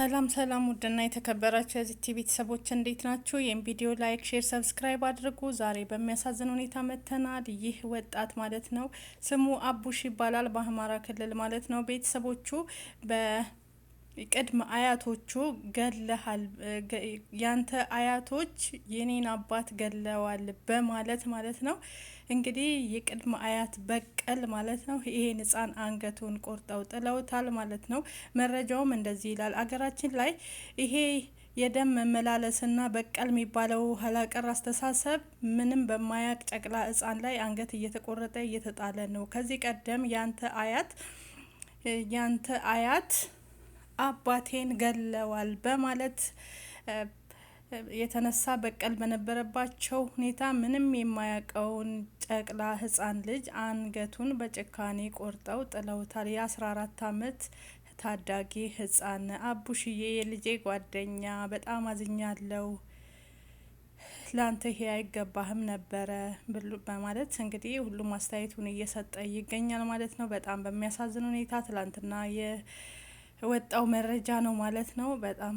ሰላም ሰላም ውድና የተከበራችሁ የዚህ ቲቪ ቤተሰቦች እንዴት ናችሁ? ይህም ቪዲዮ ላይክ፣ ሼር፣ ሰብስክራይብ አድርጉ። ዛሬ በሚያሳዝን ሁኔታ መጥተናል። ይህ ወጣት ማለት ነው ስሙ አቡሽ ይባላል። በአማራ ክልል ማለት ነው ቤተሰቦቹ በ ቅድመ አያቶቹ ገለሃል ያንተ አያቶች የኔን አባት ገለዋል በማለት ማለት ነው እንግዲህ የቅድመ አያት በቀል ማለት ነው ይሄን ህፃን አንገቱን ቆርጠው ጥለውታል ማለት ነው። መረጃውም እንደዚህ ይላል አገራችን ላይ ይሄ የደም መመላለስና በቀል የሚባለው ኋላቀር አስተሳሰብ ምንም በማያቅ ጨቅላ ህፃን ላይ አንገት እየተቆረጠ እየተጣለ ነው። ከዚህ ቀደም ያንተ አያት ያንተ አያት አባቴን ገለዋል በማለት የተነሳ በቀል በነበረባቸው ሁኔታ ምንም የማያውቀውን ጨቅላ ህጻን ልጅ አንገቱን በጭካኔ ቆርጠው ጥለውታል። የአስራ አራት አመት ታዳጊ ህጻን አቡሽዬ፣ የልጄ ጓደኛ፣ በጣም አዝኛለው ለአንተ ይሄ አይገባህም ነበረ በማለት እንግዲህ ሁሉም አስተያየቱን እየሰጠ ይገኛል ማለት ነው። በጣም በሚያሳዝን ሁኔታ ትላንትና ወጣው መረጃ ነው ማለት ነው። በጣም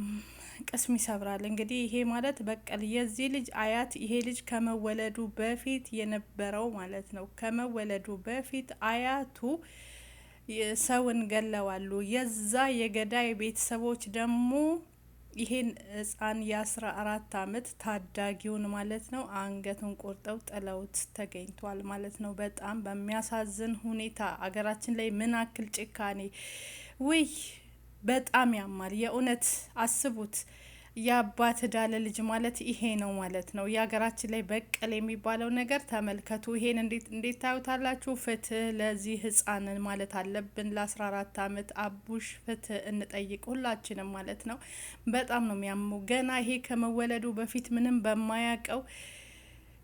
ቅስም ይሰብራል። እንግዲህ ይሄ ማለት በቀል የዚህ ልጅ አያት ይሄ ልጅ ከመወለዱ በፊት የነበረው ማለት ነው። ከመወለዱ በፊት አያቱ ሰውን ገለዋሉ። የዛ የገዳይ ቤተሰቦች ደግሞ ይሄን ህፃን የአስራ አራት አመት ታዳጊውን ማለት ነው አንገቱን ቆርጠው ጥለውት ተገኝቷል ማለት ነው። በጣም በሚያሳዝን ሁኔታ አገራችን ላይ ምን አክል ጭካኔ ውይ በጣም ያማል። የእውነት አስቡት። የአባት ዕዳ ለልጅ ማለት ይሄ ነው ማለት ነው። የሀገራችን ላይ በቀል የሚባለው ነገር ተመልከቱ። ይሄን እንዴት ታዩታላችሁ? ፍትህ ለዚህ ህፃን ማለት አለብን። ለ14 አመት አቡሽ ፍትህ እንጠይቅ ሁላችንም ማለት ነው። በጣም ነው የሚያሙ። ገና ይሄ ከመወለዱ በፊት ምንም በማያውቀው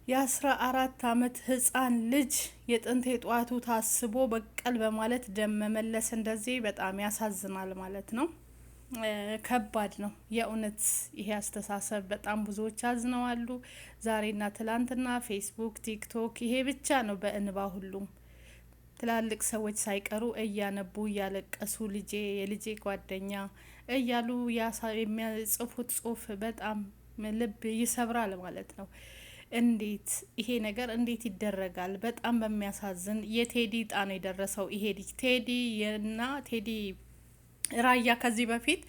የአስራ አራት አመት ህጻን ልጅ የጥንት የጠዋቱ ታስቦ በቀል በማለት ደም መመለስ እንደዚህ በጣም ያሳዝናል ማለት ነው። ከባድ ነው የእውነት ይሄ አስተሳሰብ። በጣም ብዙዎች አዝነዋሉ። ዛሬና ትላንትና ፌስቡክ፣ ቲክቶክ ይሄ ብቻ ነው በእንባ ሁሉም ትላልቅ ሰዎች ሳይቀሩ እያነቡ እያለቀሱ ልጄ የልጄ ጓደኛ እያሉ የሚያጽፉት ጽሁፍ በጣም ልብ ይሰብራል ማለት ነው። እንዴት ይሄ ነገር እንዴት ይደረጋል? በጣም በሚያሳዝን የቴዲ ጣ ነው የደረሰው። ይሄ ልጅ ቴዲ እና ቴዲ ራያ ከዚህ በፊት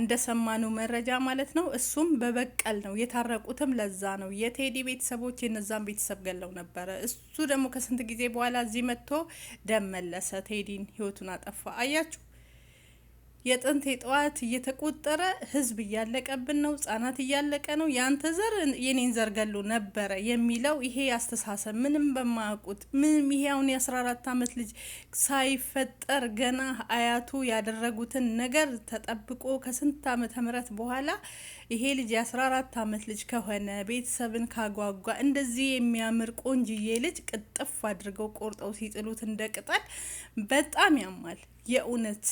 እንደሰማነው መረጃ ማለት ነው። እሱም በበቀል ነው የታረቁትም ለዛ ነው። የቴዲ ቤተሰቦች የነዛን ቤተሰብ ገለው ነበረ። እሱ ደግሞ ከስንት ጊዜ በኋላ እዚህ መጥቶ ደም መለሰ። ቴዲን ህይወቱን አጠፋ። አያችሁ። የጥንት ጠዋት እየተቆጠረ ህዝብ እያለቀብን ነው፣ ህጻናት እያለቀ ነው፣ ያንተ ዘር የኔን ዘር ገሎ ነበረ የሚለው ይሄ አስተሳሰብ ምንም በማያውቁት ምንም ይሄ አሁን የአስራ አመት ልጅ ሳይፈጠር ገና አያቱ ያደረጉትን ነገር ተጠብቆ ከስንት ዓመተ ምህረት በኋላ ይሄ ልጅ የአስራ 14 አመት ልጅ ከሆነ ቤተሰብን ካጓጓ እንደዚህ የሚያምር ቆንጅዬ ልጅ ቅጥፍ አድርገው ቆርጠው ሲጥሉት እንደ ቅጠል በጣም ያማል የእውነት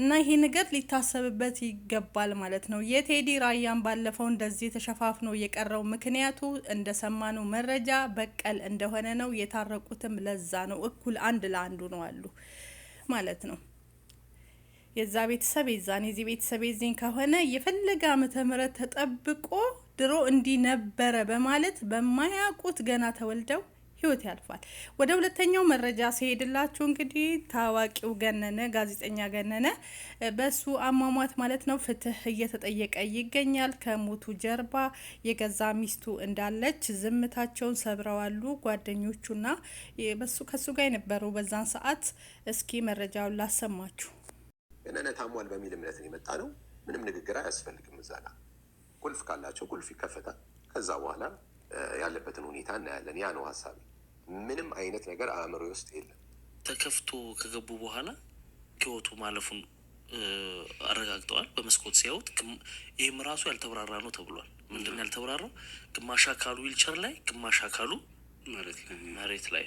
እና ይሄ ነገር ሊታሰብበት ይገባል ማለት ነው። የቴዲ ራያን ባለፈው እንደዚህ ተሸፋፍኖ የቀረው ምክንያቱ እንደሰማነው መረጃ በቀል እንደሆነ ነው። የታረቁትም ለዛ ነው። እኩል አንድ ለአንዱ ነው አሉ ማለት ነው። የዛ ቤተሰብ የዛን የዚህ ቤተሰብ የዚህን ከሆነ የፈለገ ዓመተ ምህረት ተጠብቆ ድሮ እንዲህ ነበረ በማለት በማያውቁት ገና ተወልደው ህይወት ያልፋል። ወደ ሁለተኛው መረጃ ሲሄድላችሁ እንግዲህ ታዋቂው ገነነ ጋዜጠኛ ገነነ በሱ አሟሟት ማለት ነው ፍትህ እየተጠየቀ ይገኛል። ከሞቱ ጀርባ የገዛ ሚስቱ እንዳለች ዝምታቸውን ሰብረዋሉ ጓደኞቹና ከሱ ጋር የነበሩ በዛን ሰዓት። እስኪ መረጃውን ላሰማችሁ። ገነነ ታሟል በሚል እምነት ነው የመጣ ነው። ምንም ንግግር አያስፈልግም። እዛ ጋር ቁልፍ ካላቸው ቁልፍ ይከፈታል። ከዛ በኋላ ያለበትን ሁኔታ እናያለን። ያ ነው ሀሳቤ። ምንም አይነት ነገር አእምሮ ውስጥ የለም። ተከፍቶ ከገቡ በኋላ ህይወቱ ማለፉን አረጋግጠዋል። በመስኮት ሲያዩት ይህም ራሱ ያልተብራራ ነው ተብሏል። ምንድን ያልተብራራው? ግማሽ አካሉ ዊልቸር ላይ፣ ግማሽ አካሉ መሬት ላይ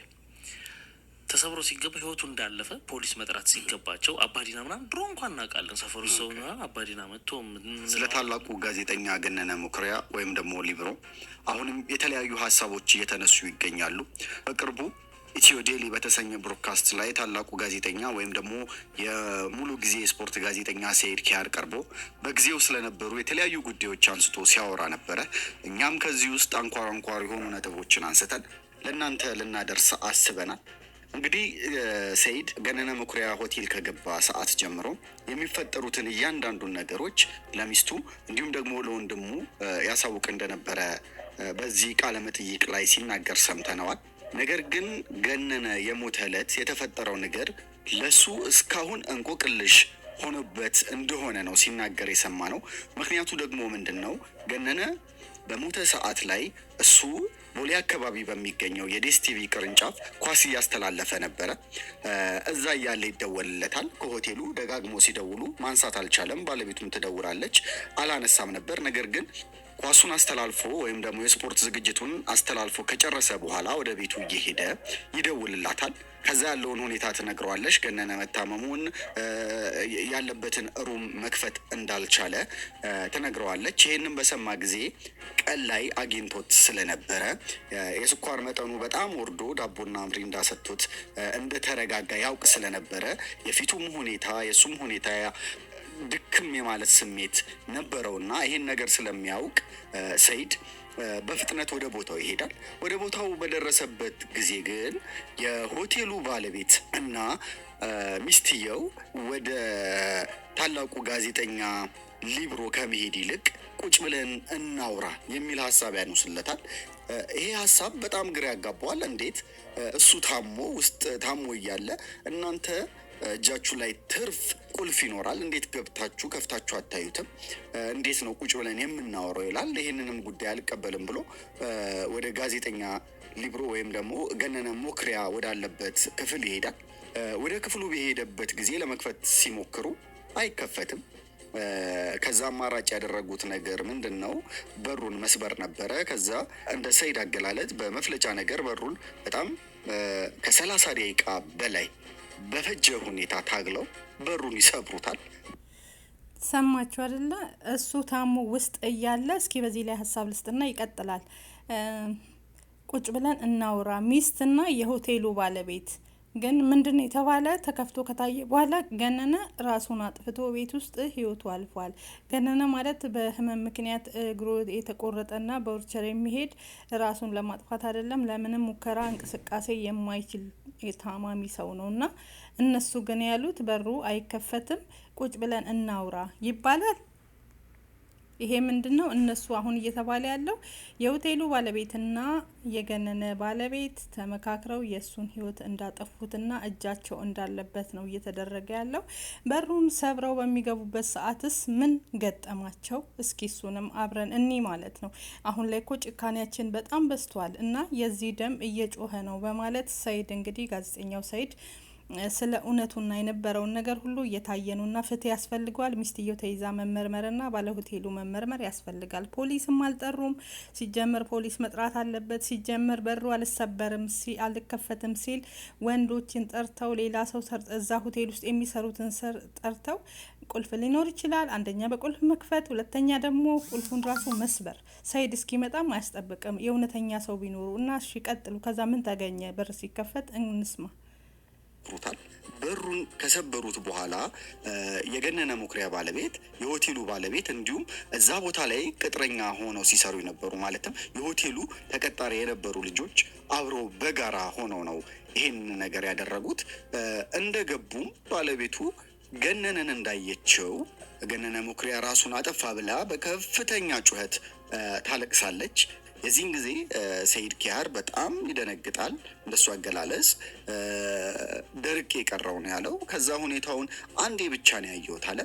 ተሰብሮ ሲገባ ህይወቱ እንዳለፈ ፖሊስ መጥራት ሲገባቸው አባዲና ምናምን ድሮ እንኳን እናውቃለን። ሰፈሩ ሰው አባዲና መጥቶ ስለ ታላቁ ጋዜጠኛ ገነነ መኩሪያ ወይም ደግሞ ሊብሮ አሁንም የተለያዩ ሀሳቦች እየተነሱ ይገኛሉ። በቅርቡ ኢትዮ ዴሊ በተሰኘ ብሮድካስት ላይ ታላቁ ጋዜጠኛ ወይም ደግሞ የሙሉ ጊዜ የስፖርት ጋዜጠኛ ሰይድ ኪያር ቀርቦ በጊዜው ስለነበሩ የተለያዩ ጉዳዮች አንስቶ ሲያወራ ነበረ። እኛም ከዚህ ውስጥ አንኳር አንኳር የሆኑ ነጥቦችን አንስተን ለእናንተ ልናደርስ አስበናል። እንግዲህ ሰይድ ገነነ መኩሪያ ሆቴል ከገባ ሰዓት ጀምሮ የሚፈጠሩትን እያንዳንዱን ነገሮች ለሚስቱ እንዲሁም ደግሞ ለወንድሙ ያሳውቅ እንደነበረ በዚህ ቃለ መጠይቅ ላይ ሲናገር ሰምተነዋል። ነገር ግን ገነነ የሞተ ዕለት የተፈጠረው ነገር ለሱ እስካሁን እንቆቅልሽ ሆኖበት እንደሆነ ነው ሲናገር የሰማ ነው። ምክንያቱ ደግሞ ምንድን ነው? ገነነ በሞተ ሰዓት ላይ እሱ ቦሌ አካባቢ በሚገኘው ቲቪ ቅርንጫፍ ኳስ እያስተላለፈ ነበረ። እዛ እያለ ይደወልለታል ከሆቴሉ። ደጋግሞ ሲደውሉ ማንሳት አልቻለም። ባለቤቱም ትደውላለች፣ አላነሳም ነበር ነገር ግን ኳሱን አስተላልፎ ወይም ደግሞ የስፖርት ዝግጅቱን አስተላልፎ ከጨረሰ በኋላ ወደ ቤቱ እየሄደ ይደውልላታል። ከዛ ያለውን ሁኔታ ትነግረዋለች። ገነነ መታመሙን ያለበትን ሩም መክፈት እንዳልቻለ ትነግረዋለች። ይህንም በሰማ ጊዜ ቀን ላይ አግኝቶት ስለነበረ የስኳር መጠኑ በጣም ወርዶ ዳቦና ምሪ እንዳሰጥቶት እንደተረጋጋ ያውቅ ስለነበረ የፊቱም ሁኔታ የእሱም ሁኔታ ድክም የማለት ስሜት ነበረውና ይሄን ነገር ስለሚያውቅ ሰይድ በፍጥነት ወደ ቦታው ይሄዳል። ወደ ቦታው በደረሰበት ጊዜ ግን የሆቴሉ ባለቤት እና ሚስትየው ወደ ታላቁ ጋዜጠኛ ሊብሮ ከመሄድ ይልቅ ቁጭ ብለን እናውራ የሚል ሀሳብ ያኑስለታል። ይሄ ሀሳብ በጣም ግራ ያጋባዋል። እንዴት እሱ ታሞ ውስጥ ታሞ እያለ እናንተ እጃችሁ ላይ ትርፍ ቁልፍ ይኖራል። እንዴት ገብታችሁ ከፍታችሁ አታዩትም? እንዴት ነው ቁጭ ብለን የምናወረው ይላል። ይህንንም ጉዳይ አልቀበልም ብሎ ወደ ጋዜጠኛ ሊብሮ ወይም ደግሞ ገነነ ሞክሪያ ወዳለበት ክፍል ይሄዳል። ወደ ክፍሉ በሄደበት ጊዜ ለመክፈት ሲሞክሩ አይከፈትም። ከዛ አማራጭ ያደረጉት ነገር ምንድን ነው? በሩን መስበር ነበረ። ከዛ እንደ ሰይድ አገላለጥ በመፍለጫ ነገር በሩን በጣም ከሰላሳ ደቂቃ በላይ በፈጀ ሁኔታ ታግለው በሩን ይሰብሩታል። ሰማችሁ አይደለ? እሱ ታሞ ውስጥ እያለ እስኪ በዚህ ላይ ሀሳብ ልስጥና ይቀጥላል። ቁጭ ብለን እናውራ። ሚስትና የሆቴሉ ባለቤት ግን ምንድን የተባለ ተከፍቶ ከታየ በኋላ ገነነ ራሱን አጥፍቶ ቤት ውስጥ ህይወቱ አልፏል። ገነነ ማለት በህመም ምክንያት እግሩ የተቆረጠና በውርቸር የሚሄድ ራሱን ለማጥፋት አይደለም ለምንም ሙከራ እንቅስቃሴ የማይችል የታማሚ ሰው ነው እና እነሱ ግን ያሉት በሩ አይከፈትም፣ ቁጭ ብለን እናውራ ይባላል። ይሄ ምንድን ነው? እነሱ አሁን እየተባለ ያለው የሆቴሉ ባለቤትና የገነነ ባለቤት ተመካክረው የእሱን ህይወት እንዳጠፉትና እጃቸው እንዳለበት ነው እየተደረገ ያለው። በሩን ሰብረው በሚገቡበት ሰዓትስ ምን ገጠማቸው? እስኪ እሱንም አብረን እኒ ማለት ነው። አሁን ላይ እኮ ጭካኔያችን በጣም በዝቷል እና የዚህ ደም እየጮኸ ነው በማለት ሰይድ እንግዲህ ጋዜጠኛው ሰይድ ስለ እውነቱና የነበረውን ነገር ሁሉ እየታየኑና ፍትህ ያስፈልገዋል። ሚስትየው ተይዛ መመርመርና ባለሆቴሉ መመርመር ያስፈልጋል። ፖሊስም አልጠሩም። ሲጀመር ፖሊስ መጥራት አለበት። ሲጀመር በሩ አልሰበርም አልከፈትም ሲል ወንዶችን ጠርተው ሌላ ሰው እዛ ሆቴል ውስጥ የሚሰሩትን ሰር ጠርተው ቁልፍ ሊኖር ይችላል። አንደኛ በቁልፍ መክፈት፣ ሁለተኛ ደግሞ ቁልፉን ራሱ መስበር። ሰይድ እስኪመጣም አያስጠብቅም። የእውነተኛ ሰው ቢኖሩ እና እሺ ቀጥሉ። ከዛ ምን ተገኘ? በር ሲከፈት እንስማ። ይሰብሩታል። በሩን ከሰበሩት በኋላ የገነነ መኩሪያ ባለቤት የሆቴሉ ባለቤት እንዲሁም እዛ ቦታ ላይ ቅጥረኛ ሆነው ሲሰሩ የነበሩ ማለትም የሆቴሉ ተቀጣሪ የነበሩ ልጆች አብረው በጋራ ሆነው ነው ይህን ነገር ያደረጉት። እንደገቡም ባለቤቱ ገነነን እንዳየችው ገነነ መኩሪያ ራሱን አጠፋ ብላ በከፍተኛ ጩኸት ታለቅሳለች። የዚህን ጊዜ ሰይድ ኪያር በጣም ይደነግጣል። እንደሱ አገላለጽ ደርቄ የቀረው ነው ያለው። ከዛ ሁኔታውን አንዴ ብቻ ነው ያየሁት አለ።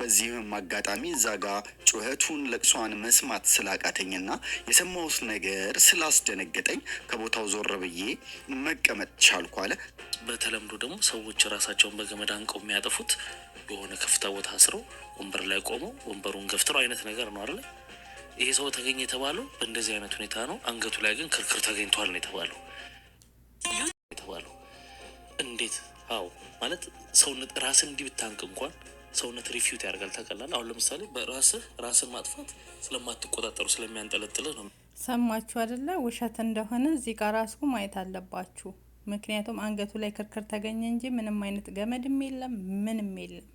በዚህም አጋጣሚ እዛ ጋ ጩኸቱን ለቅሷን መስማት ስላቃተኝና የሰማሁት ነገር ስላስደነገጠኝ ከቦታው ዞር ብዬ መቀመጥ ቻልኩ አለ። በተለምዶ ደግሞ ሰዎች ራሳቸውን በገመድ አንቀው የሚያጠፉት የሆነ ከፍታ ቦታ አስረው ወንበር ላይ ቆመው ወንበሩን ገፍትረው አይነት ነገር ነው አይደለ? ይሄ ሰው ተገኘ የተባለው በእንደዚህ አይነት ሁኔታ ነው። አንገቱ ላይ ግን ክርክር ተገኝቷል ነው የተባለው የተባለው እንዴት? አዎ ማለት ሰውነት ራስን እንዲህ ብታንቅ እንኳን ሰውነት ሪፊውት ያደርጋል። ታቀላል። አሁን ለምሳሌ በራስህ ራስን ማጥፋት ስለማትቆጣጠሩ ስለሚያንጠለጥልህ ነው። ሰማችሁ አደለ? ውሸት እንደሆነ እዚህ ጋር ራሱ ማየት አለባችሁ። ምክንያቱም አንገቱ ላይ ክርክር ተገኘ እንጂ ምንም አይነት ገመድም የለም ምንም የለም።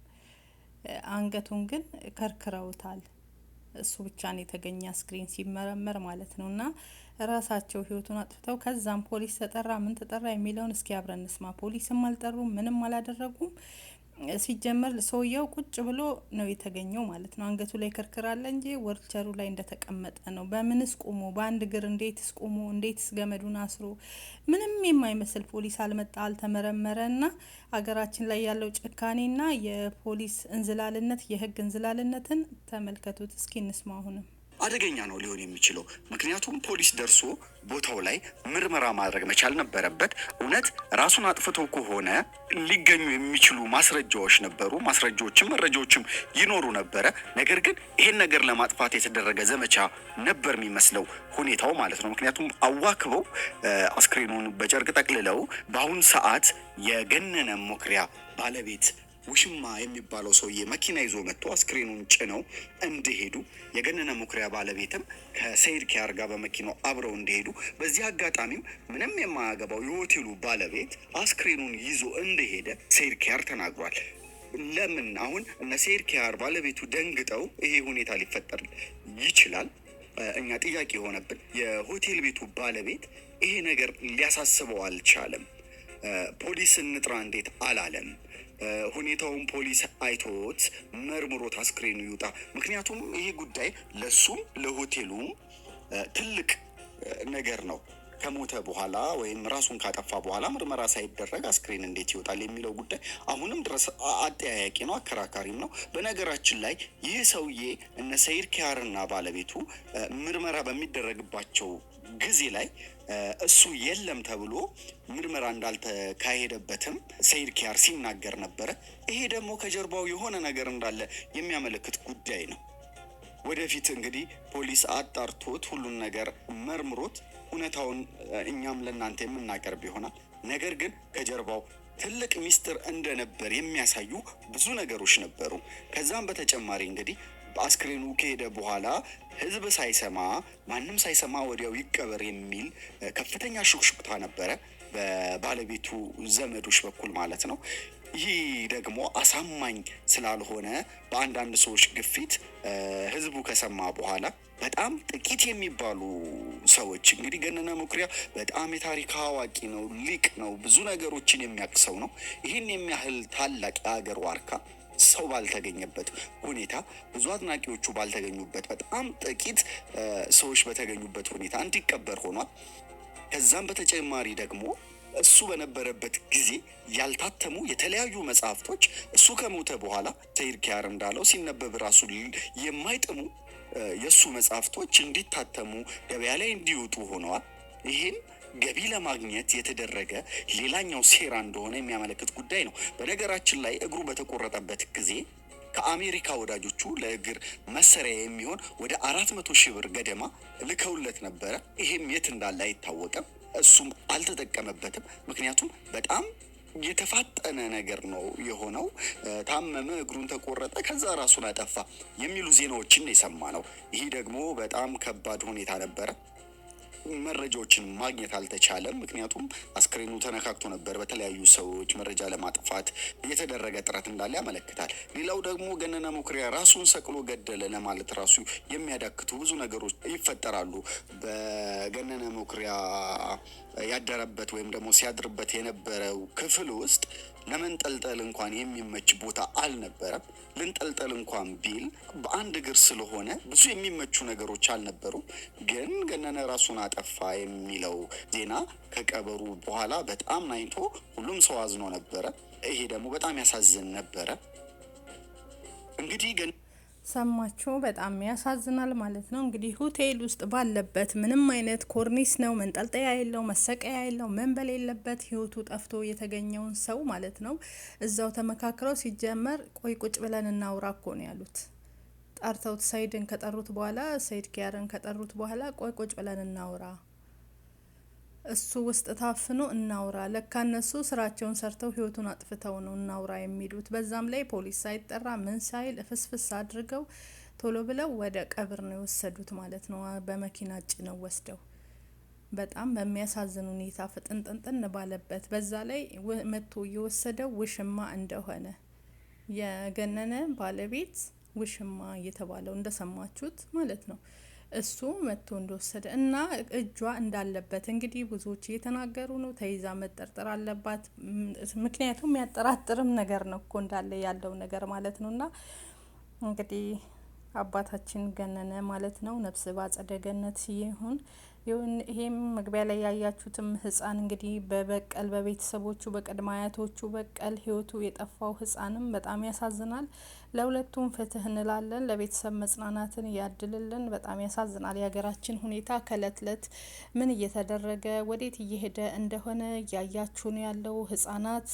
አንገቱን ግን ከርክረውታል። እሱ ብቻ ነው የተገኘ አስክሬን ሲመረመር ማለት ነው። እና ራሳቸው ህይወቱን አጥፍተው ከዛም ፖሊስ ተጠራ ምን ተጠራ የሚለውን እስኪ አብረን እንስማ። ፖሊስም አልጠሩም፣ ምንም አላደረጉም። ሲጀመር ሰውየው ቁጭ ብሎ ነው የተገኘው ማለት ነው። አንገቱ ላይ ክርክር አለ እንጂ ወርቸሩ ላይ እንደተቀመጠ ነው። በምንስ ቁሞ በአንድ እግር እንዴትስ ቁሞ እንዴትስ ገመዱን አስሮ ምንም የማይመስል ፖሊስ አልመጣ አልተመረመረ እና ሀገራችን ላይ ያለው ጭካኔና የፖሊስ እንዝላልነት የህግ እንዝላልነትን ተመልከቱት። እስኪ እንስማ አሁንም አደገኛ ነው ሊሆን የሚችለው። ምክንያቱም ፖሊስ ደርሶ ቦታው ላይ ምርመራ ማድረግ መቻል ነበረበት። እውነት ራሱን አጥፍቶ ከሆነ ሊገኙ የሚችሉ ማስረጃዎች ነበሩ። ማስረጃዎችም መረጃዎችም ይኖሩ ነበረ። ነገር ግን ይሄን ነገር ለማጥፋት የተደረገ ዘመቻ ነበር የሚመስለው ሁኔታው ማለት ነው። ምክንያቱም አዋክበው አስክሬኑን በጨርቅ ጠቅልለው በአሁኑ ሰዓት የገነነ መኩሪያ ባለቤት ውሽማ የሚባለው ሰውዬ መኪና ይዞ መጥቶ አስክሬኑን ጭነው እንደሄዱ የገነነ መኩሪያ ባለቤትም ከሰይድ ኪያር ጋር በመኪናው አብረው እንደሄዱ በዚህ አጋጣሚም ምንም የማያገባው የሆቴሉ ባለቤት አስክሬኑን ይዞ እንደሄደ ሰይድ ኪያር ተናግሯል። ለምን አሁን እነ ሰይድ ኪያር ባለቤቱ ደንግጠው ይሄ ሁኔታ ሊፈጠር ይችላል። እኛ ጥያቄ የሆነብን የሆቴል ቤቱ ባለቤት ይሄ ነገር ሊያሳስበው አልቻለም። ፖሊስ እንጥራ እንዴት አላለም? ሁኔታውን ፖሊስ አይቶት መርምሮት አስክሬኑ ይውጣ። ምክንያቱም ይሄ ጉዳይ ለሱም ለሆቴሉም ትልቅ ነገር ነው። ከሞተ በኋላ ወይም ራሱን ካጠፋ በኋላ ምርመራ ሳይደረግ አስክሬን እንዴት ይወጣል የሚለው ጉዳይ አሁንም ድረስ አጠያያቂ ነው፣ አከራካሪም ነው። በነገራችን ላይ ይህ ሰውዬ እነ ሰይድ ኪያርና ባለቤቱ ምርመራ በሚደረግባቸው ጊዜ ላይ እሱ የለም ተብሎ ምርመራ እንዳልተካሄደበትም ሰይድ ኪያር ሲናገር ነበረ። ይሄ ደግሞ ከጀርባው የሆነ ነገር እንዳለ የሚያመለክት ጉዳይ ነው። ወደፊት እንግዲህ ፖሊስ አጣርቶት ሁሉን ነገር መርምሮት እውነታውን እኛም ለእናንተ የምናቀርብ ይሆናል። ነገር ግን ከጀርባው ትልቅ ሚስጥር እንደነበር የሚያሳዩ ብዙ ነገሮች ነበሩ። ከዛም በተጨማሪ እንግዲህ አስክሬኑ ከሄደ በኋላ ህዝብ ሳይሰማ ማንም ሳይሰማ ወዲያው ይቀበር የሚል ከፍተኛ ሹክሹክታ ነበረ፣ በባለቤቱ ዘመዶች በኩል ማለት ነው። ይህ ደግሞ አሳማኝ ስላልሆነ በአንዳንድ ሰዎች ግፊት ህዝቡ ከሰማ በኋላ በጣም ጥቂት የሚባሉ ሰዎች እንግዲህ ገነነ መኩሪያ በጣም የታሪክ አዋቂ ነው፣ ሊቅ ነው፣ ብዙ ነገሮችን የሚያቅሰው ነው። ይህን የሚያህል ታላቅ የሀገር ዋርካ ሰው ባልተገኘበት ሁኔታ ብዙ አድናቂዎቹ ባልተገኙበት በጣም ጥቂት ሰዎች በተገኙበት ሁኔታ እንዲቀበር ሆኗል። ከዛም በተጨማሪ ደግሞ እሱ በነበረበት ጊዜ ያልታተሙ የተለያዩ መጽሐፍቶች እሱ ከሞተ በኋላ ሰይድ ኪያር እንዳለው ሲነበብ ራሱ የማይጥሙ የእሱ መጽሐፍቶች እንዲታተሙ ገበያ ላይ እንዲወጡ ሆነዋል። ይህም ገቢ ለማግኘት የተደረገ ሌላኛው ሴራ እንደሆነ የሚያመለክት ጉዳይ ነው። በነገራችን ላይ እግሩ በተቆረጠበት ጊዜ ከአሜሪካ ወዳጆቹ ለእግር መሰሪያ የሚሆን ወደ አራት መቶ ሺህ ብር ገደማ ልከውለት ነበረ። ይሄም የት እንዳለ አይታወቅም። እሱም አልተጠቀመበትም። ምክንያቱም በጣም የተፋጠነ ነገር ነው የሆነው። ታመመ፣ እግሩን ተቆረጠ፣ ከዛ ራሱን አጠፋ የሚሉ ዜናዎችን የሰማ ነው። ይህ ደግሞ በጣም ከባድ ሁኔታ ነበረ። መረጃዎችን ማግኘት አልተቻለም። ምክንያቱም አስክሬኑ ተነካክቶ ነበር። በተለያዩ ሰዎች መረጃ ለማጥፋት የተደረገ ጥረት እንዳለ ያመለክታል። ሌላው ደግሞ ገነነ መኩሪያ ራሱን ሰቅሎ ገደለ ለማለት ራሱ የሚያዳክቱ ብዙ ነገሮች ይፈጠራሉ። በገነነ መኩሪያ ያደረበት ወይም ደግሞ ሲያድርበት የነበረው ክፍል ውስጥ ለመንጠልጠል እንኳን የሚመች ቦታ አልነበረም። ልንጠልጠል እንኳን ቢል በአንድ እግር ስለሆነ ብዙ የሚመቹ ነገሮች አልነበሩም። ግን ገነነ ራሱን አጠፋ የሚለው ዜና ከቀበሩ በኋላ በጣም ናኝቶ ሁሉም ሰው አዝኖ ነበረ። ይሄ ደግሞ በጣም ያሳዝን ነበረ እንግዲህ ሰማችሁ። በጣም ያሳዝናል ማለት ነው። እንግዲህ ሆቴል ውስጥ ባለበት ምንም አይነት ኮርኒስ ነው መንጠልጠያ የለው መሰቀያ የለው መንበል የለበት ህይወቱ ጠፍቶ የተገኘውን ሰው ማለት ነው እዛው ተመካክረው ሲጀመር ቆይ ቁጭ ብለን እናውራ እኮ ነው ያሉት። ጠርተውት ሰይድን ከጠሩት በኋላ ሰይድ ኪያርን ከጠሩት በኋላ ቆይ ቁጭ ብለን እናውራ እሱ ውስጥ ታፍኖ እናውራ ለካ እነሱ ስራቸውን ሰርተው ህይወቱን አጥፍተው ነው እናውራ የሚሉት። በዛም ላይ ፖሊስ ሳይጠራ ምን ሳይል ፍስፍስ አድርገው ቶሎ ብለው ወደ ቀብር ነው የወሰዱት ማለት ነው። በመኪና ጭነው ወስደው በጣም በሚያሳዝን ሁኔታ ፍጥንጥንጥን ባለበት፣ በዛ ላይ መጥቶ እየወሰደው ውሽማ እንደሆነ የገነነ ባለቤት ውሽማ እየተባለው እንደሰማችሁት ማለት ነው። እሱ መጥቶ እንደወሰደ እና እጇ እንዳለበት እንግዲህ ብዙዎች እየተናገሩ ነው። ተይዛ መጠርጠር አለባት። ምክንያቱም ያጠራጥርም ነገር ነው እኮ እንዳለ ያለው ነገር ማለት ነው። እና እንግዲህ አባታችን ገነነ ማለት ነው ነፍስ ባጸደ ገነት ይሁን። ይህም መግቢያ ላይ ያያችሁትም ህፃን እንግዲህ በበቀል በቤተሰቦቹ በቀድመ አያቶቹ በቀል ህይወቱ የጠፋው ህፃንም በጣም ያሳዝናል። ለሁለቱም ፍትህ እንላለን። ለቤተሰብ መጽናናትን እያድልልን በጣም ያሳዝናል። የሀገራችን ሁኔታ ከእለት እለት ምን እየተደረገ ወዴት እየሄደ እንደሆነ እያያችሁ ነው ያለው። ህጻናት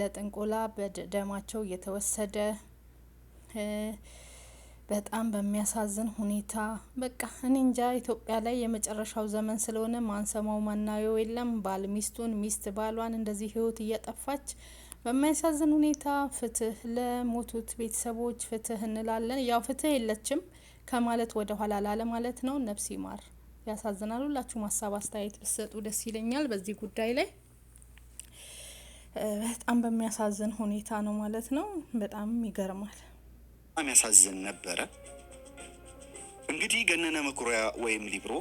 ለጥንቆላ በደማቸው እየተወሰደ በጣም በሚያሳዝን ሁኔታ በቃ እኔ እንጃ ኢትዮጵያ ላይ የመጨረሻው ዘመን ስለሆነ ማንሰማው ማናየው የለም። ባል ሚስቱን፣ ሚስት ባሏን እንደዚህ ህይወት እያጠፋች በሚያሳዝን ሁኔታ ፍትህ ለሞቱት ቤተሰቦች ፍትህ እንላለን። ያው ፍትህ የለችም ከማለት ወደ ኋላ ላለ ማለት ነው። ነፍስ ይማር። ያሳዝናል። ሁላችሁም ሀሳብ አስተያየት ብትሰጡ ደስ ይለኛል በዚህ ጉዳይ ላይ በጣም በሚያሳዝን ሁኔታ ነው ማለት ነው። በጣም ይገርማል። በጣም ያሳዝን ነበረ። እንግዲህ ገነነ መኩሪያ ወይም ሊብሮ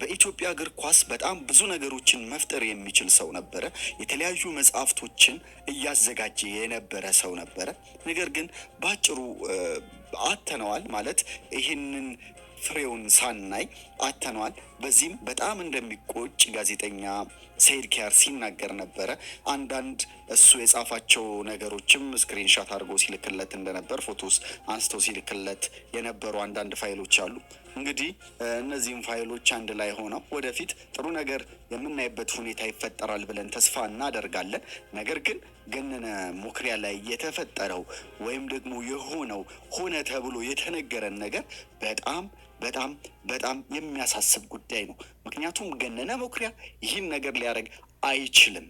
በኢትዮጵያ እግር ኳስ በጣም ብዙ ነገሮችን መፍጠር የሚችል ሰው ነበረ። የተለያዩ መጽሐፍቶችን እያዘጋጀ የነበረ ሰው ነበረ። ነገር ግን በአጭሩ አተነዋል ማለት ይህንን ፍሬውን ሳናይ አተነዋል። በዚህም በጣም እንደሚቆጭ ጋዜጠኛ ሰይድ ኪያር ሲናገር ነበረ። አንዳንድ እሱ የጻፋቸው ነገሮችም ስክሪንሻት አድርጎ ሲልክለት እንደነበር ፎቶስ አንስተው ሲልክለት የነበሩ አንዳንድ ፋይሎች አሉ። እንግዲህ እነዚህም ፋይሎች አንድ ላይ ሆነው ወደፊት ጥሩ ነገር የምናይበት ሁኔታ ይፈጠራል ብለን ተስፋ እናደርጋለን። ነገር ግን ገነነ ሞክሪያ ላይ የተፈጠረው ወይም ደግሞ የሆነው ሆነ ተብሎ የተነገረን ነገር በጣም በጣም በጣም የሚያሳስብ ጉዳይ ነው። ምክንያቱም ገነነ መኩሪያ ይህን ነገር ሊያደርግ አይችልም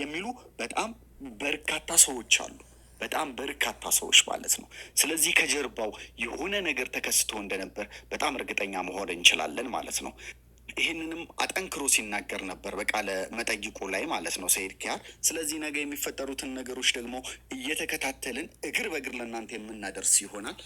የሚሉ በጣም በርካታ ሰዎች አሉ። በጣም በርካታ ሰዎች ማለት ነው። ስለዚህ ከጀርባው የሆነ ነገር ተከስቶ እንደነበር በጣም እርግጠኛ መሆን እንችላለን ማለት ነው። ይህንንም አጠንክሮ ሲናገር ነበር በቃለ መጠይቁ ላይ ማለት ነው ሰይድ ኪያር። ስለዚህ ነገ የሚፈጠሩትን ነገሮች ደግሞ እየተከታተልን እግር በእግር ለእናንተ የምናደርስ ይሆናል።